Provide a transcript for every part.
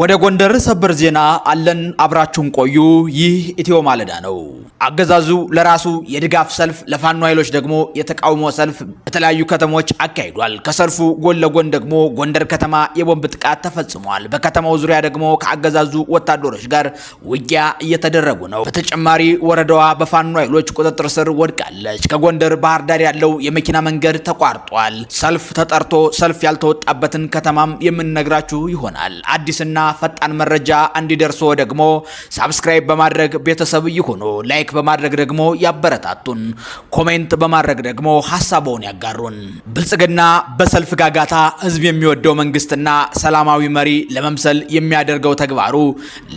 ወደ ጎንደር ሰበር ዜና አለን። አብራችሁን ቆዩ። ይህ ኢትዮ ማለዳ ነው። አገዛዙ ለራሱ የድጋፍ ሰልፍ፣ ለፋኖ ኃይሎች ደግሞ የተቃውሞ ሰልፍ በተለያዩ ከተሞች አካሂዷል። ከሰልፉ ጎን ለጎን ደግሞ ጎንደር ከተማ የቦምብ ጥቃት ተፈጽሟል። በከተማው ዙሪያ ደግሞ ከአገዛዙ ወታደሮች ጋር ውጊያ እየተደረጉ ነው። በተጨማሪ ወረዳዋ በፋኖ ኃይሎች ቁጥጥር ስር ወድቃለች። ከጎንደር ባህር ዳር ያለው የመኪና መንገድ ተቋርጧል። ሰልፍ ተጠርቶ ሰልፍ ያልተወጣበትን ከተማም የምንነግራችሁ ይሆናል። አዲስና ፈጣን መረጃ እንዲደርሶ ደግሞ ሳብስክራይብ በማድረግ ቤተሰብ ይሁኑ። ላይክ በማድረግ ደግሞ ያበረታቱን። ኮሜንት በማድረግ ደግሞ ሀሳቦውን ያጋሩን። ብልጽግና በሰልፍ ጋጋታ ህዝብ የሚወደው መንግስትና ሰላማዊ መሪ ለመምሰል የሚያደርገው ተግባሩ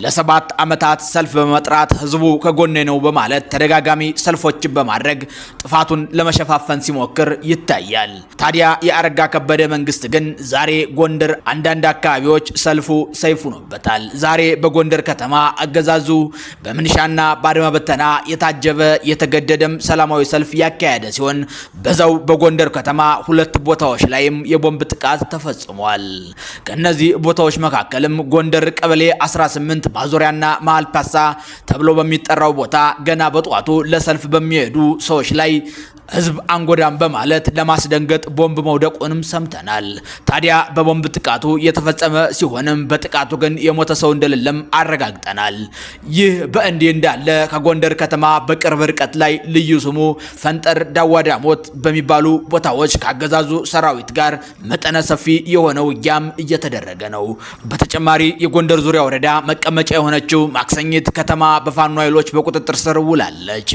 ለሰባት ዓመታት ሰልፍ በመጥራት ህዝቡ ከጎኔ ነው በማለት ተደጋጋሚ ሰልፎችን በማድረግ ጥፋቱን ለመሸፋፈን ሲሞክር ይታያል። ታዲያ የአረጋ ከበደ መንግስት ግን ዛሬ ጎንደር አንዳንድ አካባቢዎች ሰልፉ ሰይፍ ተደፍኖበታል። ዛሬ በጎንደር ከተማ አገዛዙ በምንሻና በአድማ በተና የታጀበ የተገደደም ሰላማዊ ሰልፍ ያካሄደ ሲሆን በዛው በጎንደር ከተማ ሁለት ቦታዎች ላይም የቦምብ ጥቃት ተፈጽሟል። ከነዚህ ቦታዎች መካከልም ጎንደር ቀበሌ 18 ማዞሪያና መሀል ፒያሳ ተብሎ በሚጠራው ቦታ ገና በጠዋቱ ለሰልፍ በሚሄዱ ሰዎች ላይ ህዝብ አንጎዳም በማለት ለማስደንገጥ ቦምብ መውደቁንም ሰምተናል። ታዲያ በቦምብ ጥቃቱ የተፈጸመ ሲሆንም በጥቃቱ ግን የሞተ ሰው እንደሌለም አረጋግጠናል። ይህ በእንዲህ እንዳለ ከጎንደር ከተማ በቅርብ ርቀት ላይ ልዩ ስሙ ፈንጠር ዳዋዳ ሞት በሚባሉ ቦታዎች ከአገዛዙ ሰራዊት ጋር መጠነ ሰፊ የሆነ ውጊያም እየተደረገ ነው። በተጨማሪ የጎንደር ዙሪያ ወረዳ መቀመጫ የሆነችው ማክሰኝት ከተማ በፋኖ ኃይሎች በቁጥጥር ስር ውላለች።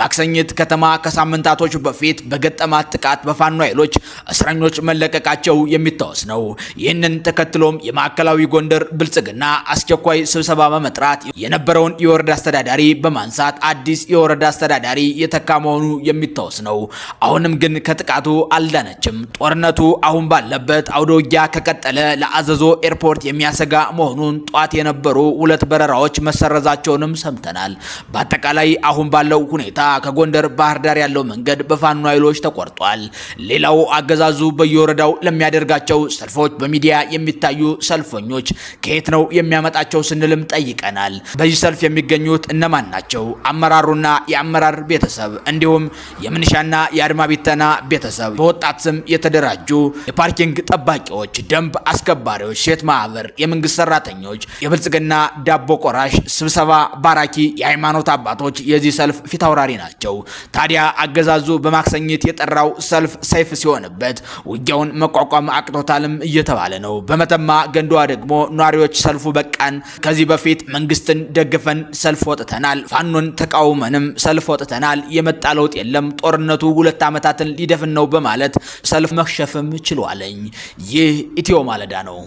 ማክሰኝት ከተማ ከሳምንታቶች በፊት በገጠማት ጥቃት በፋኖ ኃይሎች እስረኞች መለቀቃቸው የሚታወስ ነው። ይህንን ተከትሎም የማዕከላዊ ጎንደር ብልጽግና አስቸኳይ ስብሰባ በመጥራት የነበረውን የወረዳ አስተዳዳሪ በማንሳት አዲስ የወረዳ አስተዳዳሪ የተካ መሆኑ የሚታወስ ነው። አሁንም ግን ከጥቃቱ አልዳነችም። ጦርነቱ አሁን ባለበት አውደ ውጊያ ከቀጠለ ለአዘዞ ኤርፖርት የሚያሰጋ መሆኑን ጧት የነበሩ ሁለት በረራዎች መሰረዛቸውንም ሰምተናል። በአጠቃላይ አሁን ባለው ሁኔታ ከጎንደር ባህር ዳር ያለው መንገድ በፋኖ ኃይሎች ተቆርጧል። ሌላው አገዛዙ በየወረዳው ለሚያደርጋቸው ሰልፎች በሚዲያ የሚታዩ ሰልፈኞች ከየት ነው የሚያመጣቸው ስንልም ጠይቀናል። በዚህ ሰልፍ የሚገኙት እነማን ናቸው? አመራሩና የአመራር ቤተሰብ እንዲሁም የምንሻና የአድማ ቢተና ቤተሰብ፣ በወጣት ስም የተደራጁ የፓርኪንግ ጠባቂዎች፣ ደንብ አስከባሪዎች፣ ሴት ማህበር፣ የመንግስት ሰራተኞች፣ የብልጽግና ዳቦ ቆራሽ፣ ስብሰባ ባራኪ፣ የሃይማኖት አባቶች የዚህ ሰልፍ ፊታውራሪ ናቸው። ታዲያ አገዛዙ በማክሰኝት የጠራው ሰልፍ ሰይፍ ሲሆንበት ውጊያውን መቋቋም አቅቶታልም እየተባለ ነው። በመተማ ገንዷ ደግሞ ኗሪዎች ሰልፉ በቃን፣ ከዚህ በፊት መንግስትን ደግፈን ሰልፍ ወጥተናል፣ ፋኖን ተቃውመንም ሰልፍ ወጥተናል፣ የመጣ ለውጥ የለም፣ ጦርነቱ ሁለት ዓመታትን ሊደፍን ነው በማለት ሰልፍ መክሸፍም ችሏለኝ። ይህ ኢትዮ ማለዳ ነው።